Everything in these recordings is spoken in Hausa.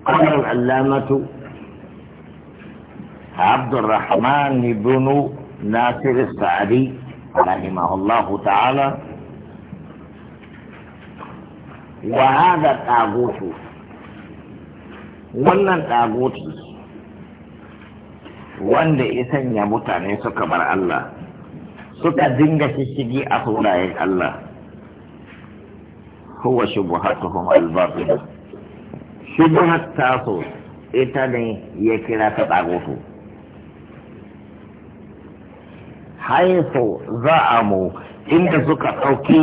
قال العلامة عبد الرحمن بن ناصر السعدي رحمه الله تعالى وهذا الطاغوت wannan ɗagoti wanda ya sanya mutane suka bar Allah suka dinga shishigi a sunayen Allah huwa shubuhatuhum al shubhar taso ita ne ya kira ta tsagoto za'a za a mu inda suka ɗauki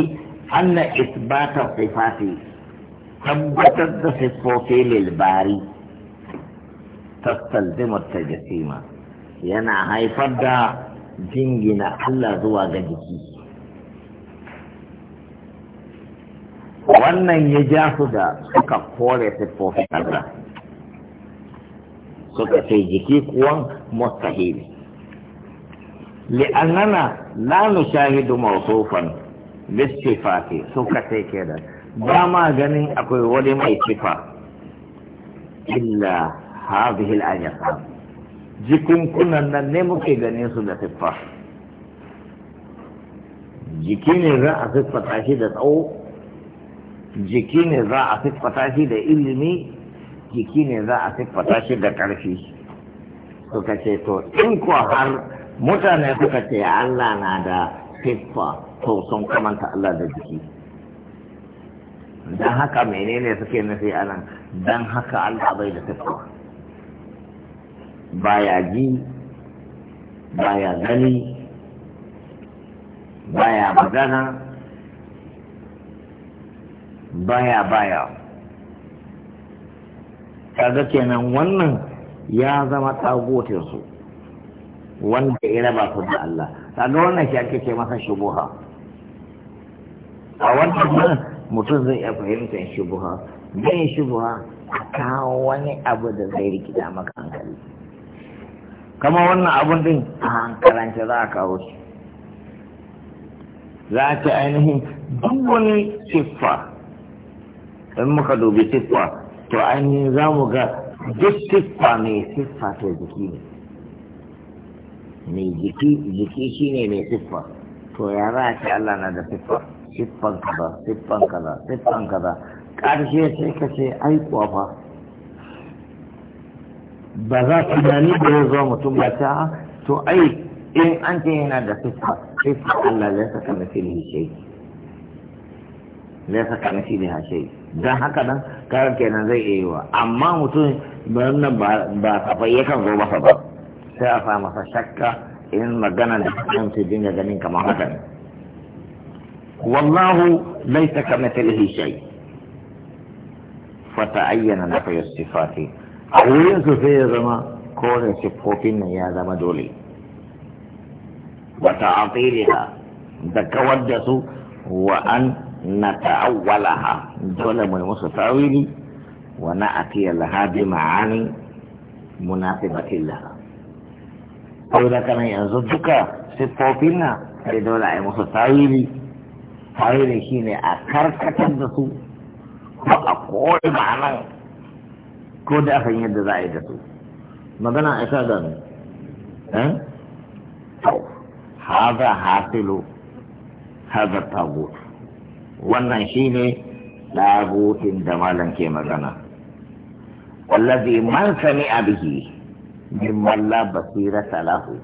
anna isbata sifati tabbatar da siffofi lilbari tastalzimar ta jasima yana haifar da jingina Allah zuwa ga jiki wannan ya ja su da suka kore siffofin Allah suka ce jiki kuwan mustahili li'annana la nushahidu mawsufan bisifati suka ce da ba ma ganin akwai wani mai sifa illa hadhihi al jikin jikunkunan nan ne muke ganin su da siffa jiki ne za a siffata shi da tsawo jiki ne za a siffata shi da ilimi jiki ne za a siffata shi da ƙarfi suka ce to in ko har mutane suka ce Allah na da siffa to sun kamanta Allah da jiki dan haka menene suke nufi a nan dan haka Allah bai da siffa baya ji baya gani baya magana baya baya kaga kenan wannan ya zama tagotin su wanda ya raba su da Allah kaga wannan shi ake ce masa shubuha a wannan nan mutum zai iya fahimtar shubuha zai shubuha a kawo wani abu da zai rikida maka hankali kama wannan abun din a hankalance za a kawo shi za ainihin duk wani siffa in muka dubi siffa to ainihin za mu ga duk siffa mai siffa to jiki ne mai jiki jiki shi ne mai siffa to ya za a ce Allah na da siffa siffan kaza siffan kaza siffan kaza ƙarshe sai ka ce ai kwafa. ba za gani da ya zo mutum ba ta ah, to ai in an ce yana da siffa siffa Allah saka mafi misali shai laisa shi ne shai dan haka nan kayan kenan zai iya yiwa amma mutum wannan ba kafai yakan zo masa ba sai a sa masa shakka in magana da kan su dinga ganin kamar haka ne wallahu laisa kamithlihi shai fa na nafyu sifati a wurin su sai ya zama kore siffofin nan ya zama dole wa ka. da kawar da su wa an na ta'awwalaha dole mai musu tawili wa na atiya laha bi ma'ani munafibatin laha saboda kana yanzu duka siffofin na sai dole a musu tawili tawili shine a karkatar da su ko a kore ma'anan ko da yadda za a yi da su magana a isa da هذا حاصل هذا الطاغوت wannan shine labokin da malam ke magana wallazi man sami abihi min la basira salahu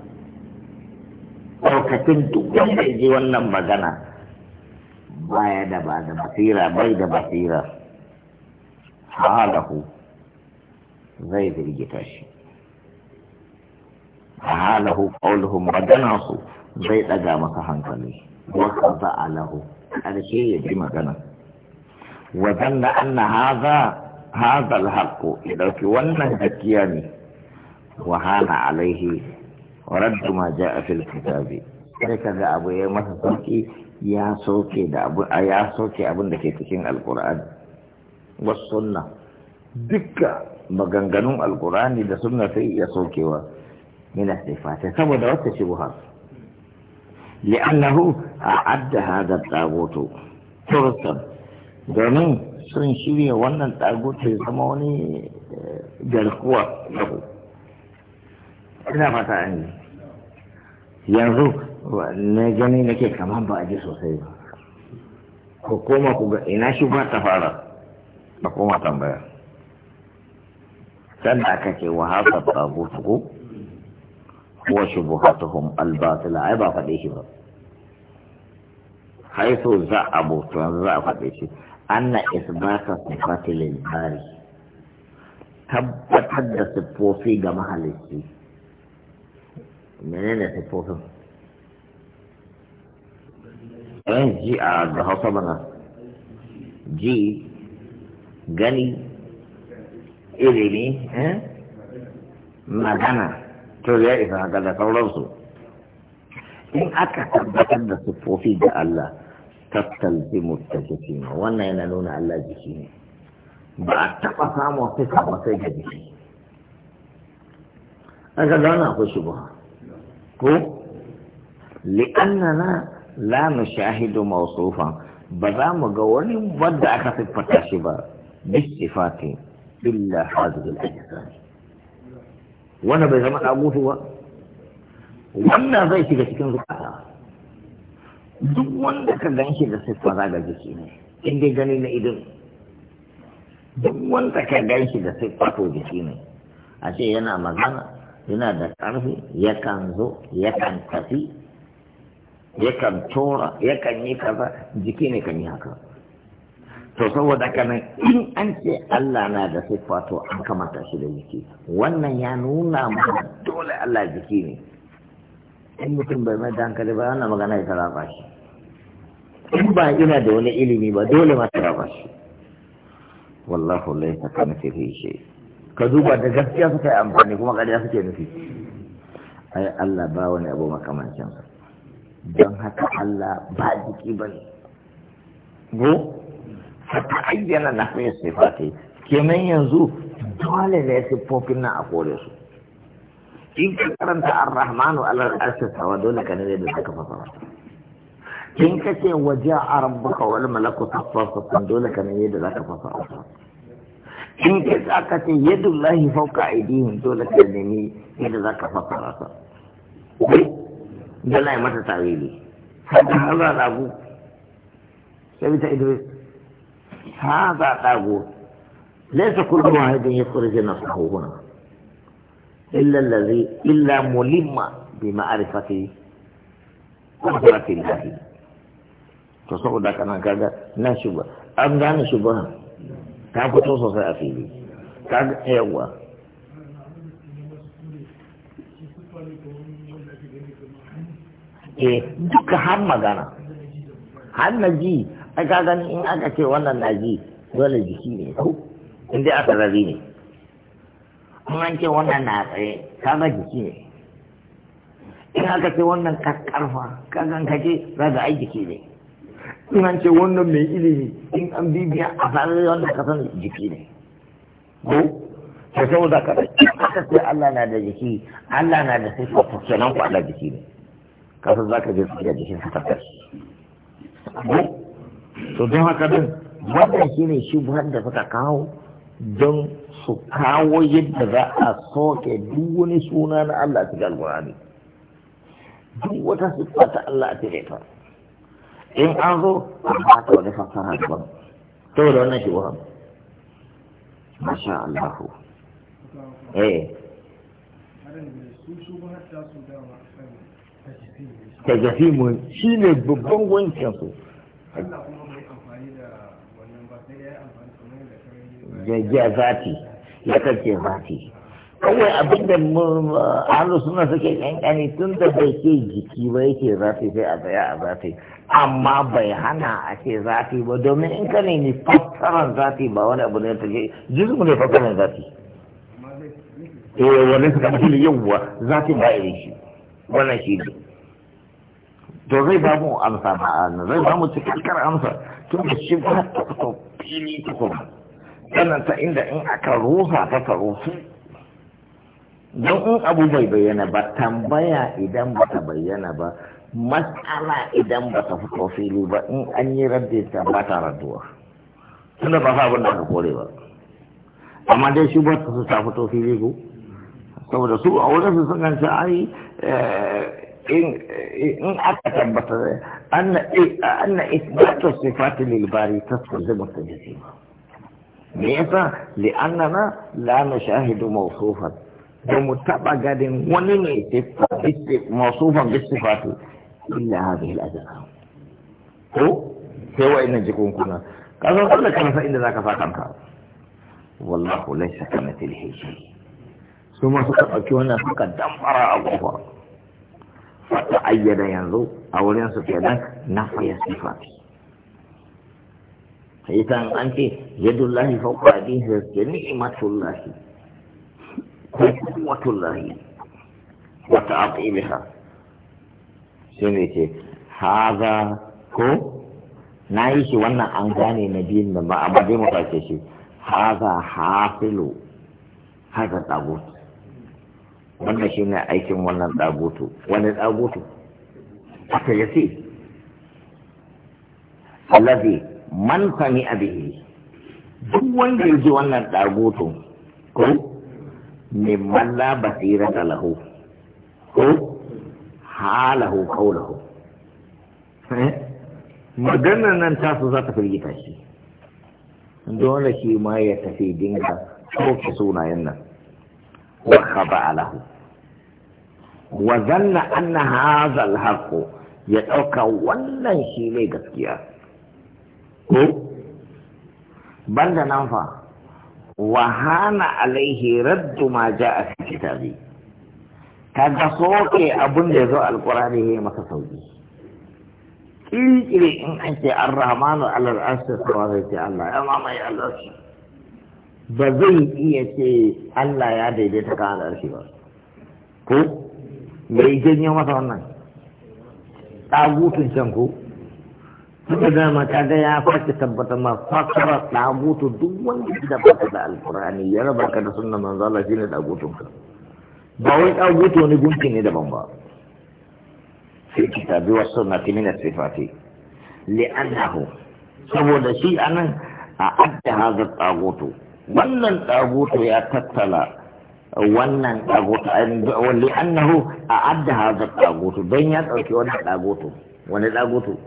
lokacin duk wanda ji wannan magana baya da ba da basira bai da basira halahu zai zirgita shi halahu qauluhum maganarsu zai daga maka hankali wata ba'a lahu ƙarshe ya ji magana wajen da an na haza haza ya ɗauki wannan gaskiya ne wahala alaihi raddu ma ja a filka ta bi ka ga abu ya masa sauki ya soke da abu a ya soke abin da ke cikin alƙur'an wasu sunna dukka maganganun alƙur'ani da sunna sai ya sokewa yana sai fata saboda wata shi buhar li'annahu أعد هذا التاغوت فرصا domin sun shirya wannan taguta ya zama wani eh, garkuwa lahu ina fata an yi yanzu na gani nake kama ba a ji sosai ba ku koma ku ga ina shi ba ta fara ba koma tambaya sanda aka ce wa hasa tagutu ko wasu shubuhatuhum albatila ai ba faɗe shi ba haifu za a bauta za a faɗe shi anna isbata sifati lil bari tabbatar da siffofi ga mahalicci menene siffofin ɗan ji a da hausa bana ji gani ilimi magana to ya isa haka da sauransu in aka tabbatar da siffofi ga Allah fi tattalzimu tajisima wannan yana nuna Allah jiki ne ba a taɓa samun fika ba sai ga jiki an ga ko shi ba ko li'annana la nushahidu mawsufan ba za mu ga wani wanda aka siffata shi ba sifati illa hadhihi al-ajsam wannan bai zama dagutu ba wannan zai shiga cikin zuciya duk wanda ka gan shi da siffa za ga jiki ne in dai gani na idan duk wanda ka gan shi da siffa to jiki ne a ce yana magana yana da ƙarfi yakan zo yakan tafi yakan tora yakan yi kaza jiki ne kan yi haka to saboda nan in an ce Allah na da siffa to an kamata shi da jiki wannan ya nuna mana dole Allah jiki ne in mutum bai mai da hankali ba ana magana ya sarrafa shi in ba ina da wani ilimi ba dole ma sarrafa shi wallahu lai ta kana fi shi ka duba da gaskiya suka yi amfani kuma kariya suke nufi ai Allah ba wani abu makamancin don haka Allah ba jiki ba ne go fata ayyana na fiye sifati kenan yanzu dole ne siffofin na a kore su in ka karanta ar-rahmanu alal arshi sawa dole ka ne da ka fasa in ka ce waja rabbuka wal malaku saffan dole ka ne da zaka fasa in ka aka ce yadullahi fawqa aydihim dole ka ne yadda zaka fasa sa dole ai mata tawili hada hada dagu sai ta idris hada dagu laysa kullu wahidin yakhruju nafsahu huna إلا الذي إلا ملم بمعرفة قدرة الله تصور ذاك أنا كذا لا شبه أم دان شبه تعرف توصف أفيدي كذا هو E duka har magana har na ji aka gani in aka ce wannan na ji dole jiki ne ko in dai aka rabi ne kuma an ce wannan na tsaye kaga jiki ne in aka ce wannan ka karfa kagan ka ce za ga ai jiki ne in an ce wannan mai ilimi in an bibiya a tsarin wanda ka san jiki ne ko sai saboda ka aka ce Allah na da jiki Allah na da sai sifa kenan ku Allah jiki ne ka san ka je su ga jikin ka ko to don haka din wannan shine shi da suka kawo don su kawo yadda za a soke duk wani suna na Allah a cikin alkurani duk wata siffa ta Allah a cikin ta in an zo a ba ta wani fassara daban da wannan shi wa masha Allah eh ta gafi mu shi ne babban wancan su ya zati ya kace zafi kawai abin da ahalu suna suke kankani tun da bai ke jiki ba yake zafi sai a tsaya a zafi amma bai hana a ce zafi ba domin in ka ne fassaran zafi ba wani abu ne ta ke jirgin ne fassaran zafi eh wani suka mutum yawwa zafi ba ya shi wannan shi ne to zai ba mu amsa ma'ana zai ba mu cikakkar amsa tun da shi ba ta fito fili ta kuma sannan ta inda in aka rusa ta ta rusu don in abu bai bayyana ba tambaya idan ba ta bayyana ba matsala idan ba ta fito fili ba in an yi rabbi ta ba ta raduwa tunda ba sa da aka kore ba amma dai shi ba su ta fito fili ko saboda su a wurin su sun ganci ai eh, eh, in aka tabbata eh, anna isbatu sifati lil bari tasqutu ba. ليس لأننا لا نشاهد موصوفا ومتبع قد ونمي موصوفا بالصفات إلا هذه الأدلة هو هو إن جكون كنا قالوا قال لك فإن ذاك فاقمك والله ليس كمثله شيء ثم سقط هنا فقد دمر أبوها فتأيد ينظر أولين سفيدا نفي الصفات sai an ce yadullahi fawqa adihi da ni'matullahi ko Wata wa ta'abiha Shi ne ce haza ko na yi shi wannan an gane na biyun nan ba amma dai ce shi haza hafilu haza tagut wannan shi ne aikin wannan ɗagutu wani ɗagutu aka yace allazi man sami abihi duk wanda ya ji wannan ɗagoto ko man la basira ta lahu ko halahu kaulahu eh? maganar nan tasu za ta firgita shi dole shi ma ya tafi dinga soke sunayen nan wa haba Alahu. wa zanna anna hazal al ya ɗauka wannan shi ne gaskiya ko banda nan fa wa hana alaihi raddu ma ja'a fi kitabi kaga soke abun da zo alqur'ani yayi masa sauki kirkire in an ce ala al arshi sai ce Allah ya mamaye Allah ba zai iya ce Allah ya daidaita da arshi ba ko mai janyo masa wannan tagutun can ko duka dama ta ga ya faki tabbatar ma fasara dagutu duk wanda da baka da alfurani ya raba ka da sunna manzo Allah shine dagutun ka ba wai dagutu wani gunki ne daban ba sai kitabi wa na min as-sifati li'annahu saboda shi a nan a adda hazar dagutu wannan dagutu ya tattala wannan a dagutu li'annahu a adda hazar dagutu don ya ɗauki wannan dagutu wani dagutu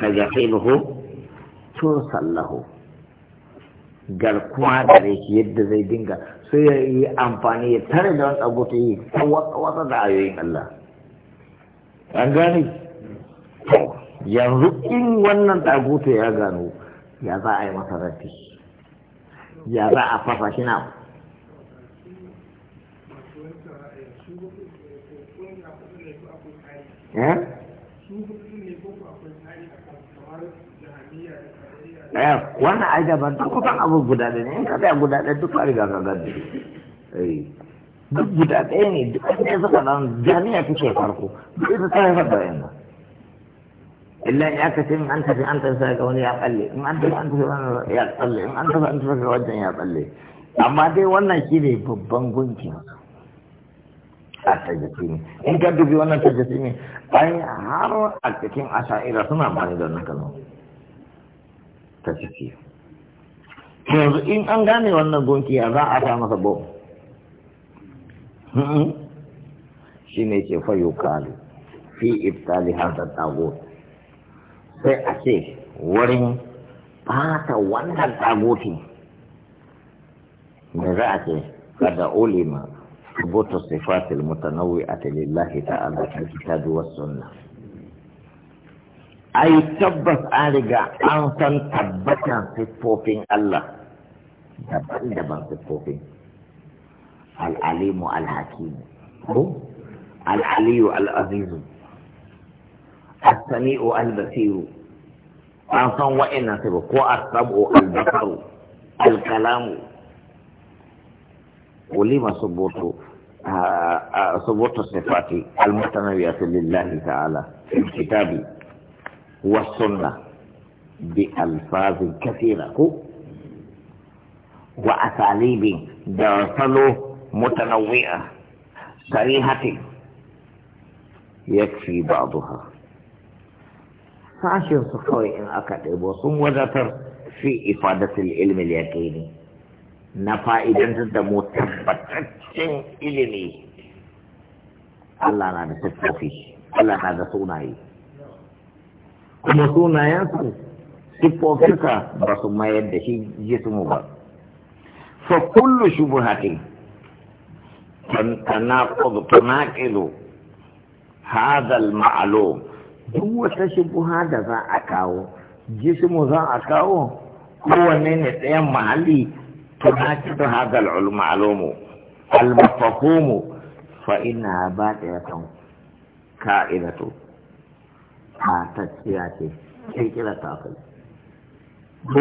ka jahiluhu to sallahu kuma da shi yadda zai dinga sai ya yi amfani ya tare da wani abu ta yi wata da ayoyin Allah an gane yanzu in wannan taguta ya gano ya za a yi masa rafi ya za a fasa shi na eh eh wannan ai daban duk kusan abu guda ɗaya ne in ka tsaya guda ɗaya duk riga ka gani eh, duk guda ɗaya ne duk ne suka nan jami'a take farko duk ita ta haifar da yamma illa ya ka ce in an tafi an tafi ga wani ya tsalle in an tafi an tafi wani ya tsalle in an tafi an tafi ga wajen ya tsalle amma dai wannan shi ne babban gunkin a ne in ka dubi wannan ne ai har a cikin asha'ira suna bani da wannan kalmar ta ciki yanzu in an gane wannan gunki za a sa masa bom hmm? shi ne ce fayo kalu fi iftali da tagot sai a ce wurin fata wannan tagotin da za a ce kada ulima ثبوت الصفات المتنوعة لله تعالى في الكتاب والسنة ai tabbas an riga an san tabbatan siffofin Allah daban-daban siffofin al'alimu al'hakimu ko al'aliyu al'azizu as-sami'u al-basiru an san na sai ko as-sab'u al-basaru al-kalamu ulima subutu ah, ah, subutu sifati al-mutanawiyatu lillahi ta'ala fi kitabi والسنة بألفاظ كثيرة وأساليب درسل متنوعة صريحة يكفي بعضها فعشر سكوي إن أكد وصم وذكر في إفادة العلم اليقيني نفائدا تدمو تبتتشن إلمي الله لا نتفق فيه الله لا نتفوفي kuma sunayensu siffofinsa ba su mayar da shi jismu ba fa kullu shubuhatin تناقض تناقض هذا المعلوم duk wata shubuha da za a kawo jismu za a kawo kowanne ne tsayan mahalli tunakidu hadal ulma'alumu almafahumu fa ina ba ta yakan ka'idatu tatacciya ce kirkira ta kai Ko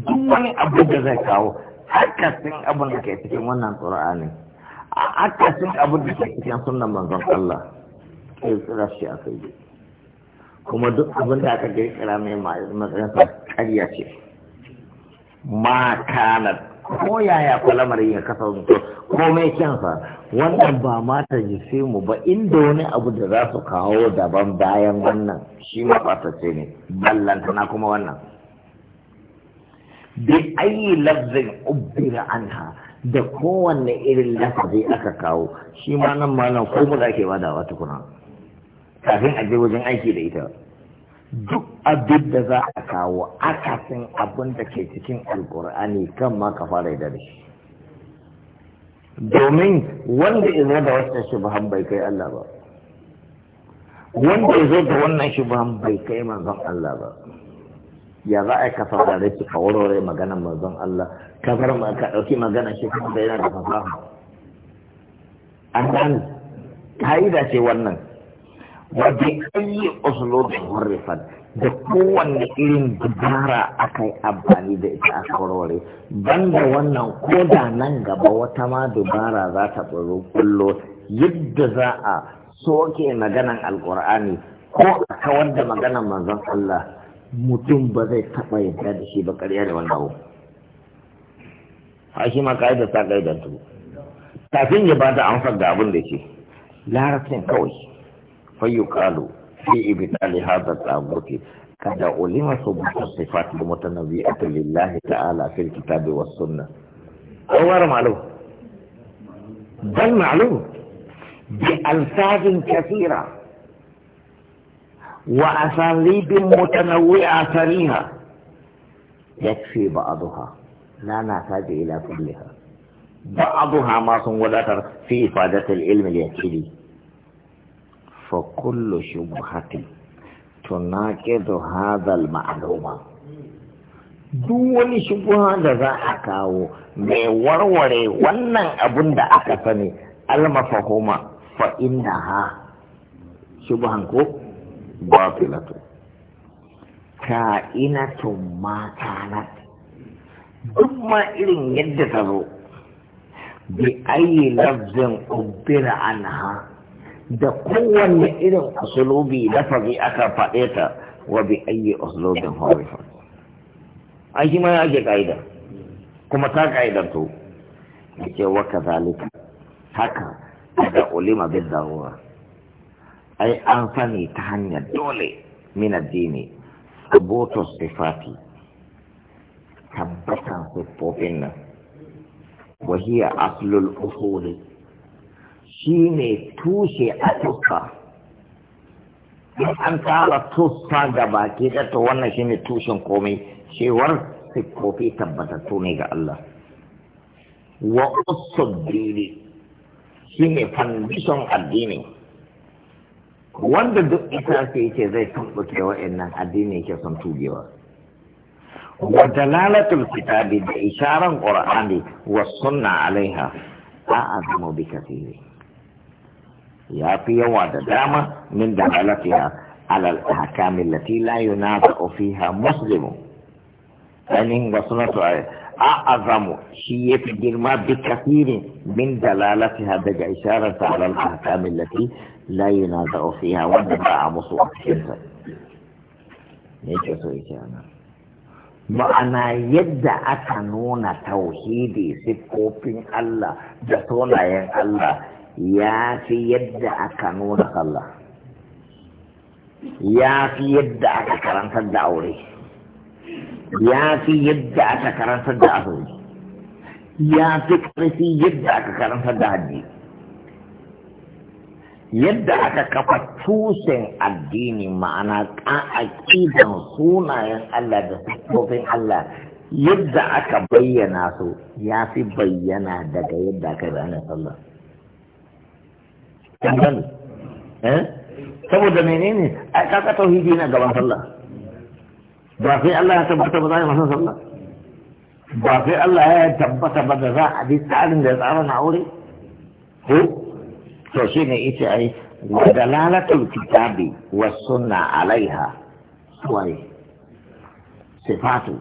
duk wani abu da zai kawo akasin abin da ke cikin wannan qur'ani akasin abin da ke cikin sunan manzon Allah kirkira shi a kai kuma duk abin da aka kirkira mai matsayin sa ƙarya ce ma kanat ko yaya ko lamarin ya kasa mutu komai kyansa wannan ba mata jise mu ba inda wani abu da za su kawo daban bayan wannan shi ce ne na kuma wannan bi ayi lafzin ubbira anha da kowanne irin lafazi aka kawo shi ma nan ma nan ko mu da ake wata tukuna kafin a je wajen aiki da ita duk abin da za a kawo akasin abin da ke cikin alkur'ani kan ma ka fara da shi domin wanda ya da wasu shubahan bai kai Allah ba wanda ya da wannan shubahan bai kai manzon Allah ba ya za a kafa da shi ka warware maganar manzon Allah ka bar ma ka dauki maganar shi kuma da yana da fasaha an gane yi ce wannan wa bi ayi uslubin hurrifat da kowanne irin aka akai amfani da ita a ban banda wannan ko da nan gaba wata ma dubara za ta tsoro kullo yadda za a soke maganan alkur'ani ko a kawar da maganan manzon Allah mutum ba zai taɓa yadda da shi ba karya da wannan abu shi ma ka'idar ta da tu kafin ya ba da amsar da abin da ke larabcin kawai فيقال في إبطال هذا التابوت قد علم ثبوت الصفات المتنبئة لله تعالى في الكتاب والسنة غير معلوم بل معلوم بألفاظ كثيرة وأساليب متنوعة ثريها يكفي بعضها لا نحتاج إلى كلها بعضها ما ولا في إفادة العلم اليكيدي فكل شبهه تناقض هذا المعلومة دول za ذا kawo mai warware wannan abun da aka sani almafahuma fa inna ha shubhan ko batilatu to ma kana duk ma irin yadda ta zo bi ayi lafzin ubira anha da kowanne irin na lafazi aka faɗe ta wa bi ayyi asulubin hawaifa an shi ma ya ake ƙa'ida kuma ta ka'idar to ke wa zalika haka da ulima bin zarura ai an sani ta hanyar dole min addini abotos sifati tabbatan siffofin nan wahiyar asulul الأصول shi ne tushe a tuffa in an tara tuffa ga baki da to wannan shi ne tushen komai cewar siffofi tabbatattu ne ga Allah wa usuddini shi ne fandishon addini wanda duk ita ce yake zai tumbuke wa'annan addini yake son tugewa wa dalalatul kitabi da isharan qur'ani wa sunna alaiha a'azamu bi kathiri يا في دامة من دلالتها على الأحكام التي لا ينافق فيها مسلم يعني وصلنا سؤال أعظم شيء في الجرمى بكثير من دلالتها بقى إشارة على الأحكام التي لا ينازع فيها ونباع مصوح معنى نجسو إشارة ما أنا يدى أتنون توحيدي سيكوبين الله جسولين الله ya fi yadda aka nuna sallah ya fi yadda aka karantar da aure ya fi yadda aka karantar da azumi ya fi ƙarfi yadda aka karantar da hajji yadda aka kafa tushen addini ma'ana ƙa'aƙidan sunayen Allah da siffofin Allah yadda aka bayyana su ya fi bayyana daga yadda aka ranar sallah kandalu eh? saboda menene a kaka tauhidi na gaban sallah ba sai Allah ya tabbata ba za a yi masa sallah ba sai Allah ya tabbata ba da za a bi tsarin da ya tsara na aure ko to shi ne ita yi wa lalatar kitabi wa sunna alaiha suwaye sifatu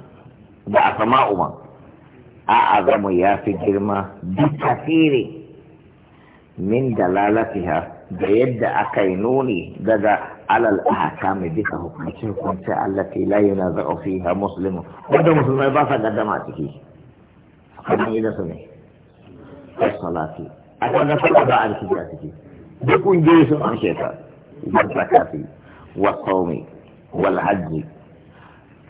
da asma'u ma a azamu ya fi girma bi tasiri من دلالتها بيد أكينوني بدا على الأحكام بك حكمتكم التي لا ينازع فيها مسلم بدا مسلم إضافة قدماتي فيه فقدم إذا سمي الصلاة أكبر صلاة بعد سجاتك بكون جيس عن شيطان بكاتي والصوم والعجز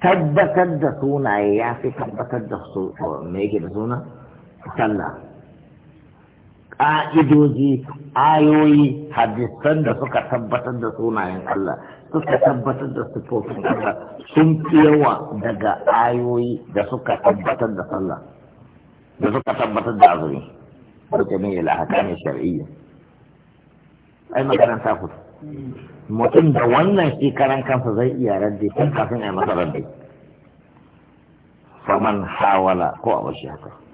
تبتد سونا يا أخي تبتد سونا ميكي بسونا ƙa'idoji ayoyi hadisan da suka tabbatar da sunayen Allah suka tabbatar da sifofin Allah sun fi yawa daga ayoyi da suka tabbatar da sallah da suka tabbatar da azumi suka yi ilahaka ne shar'iyya ai maganar ta kusa. mutum da wannan shi karan kansa zai iya raddi tun kafin a yi masa raddi faman hawala ko a wasu haka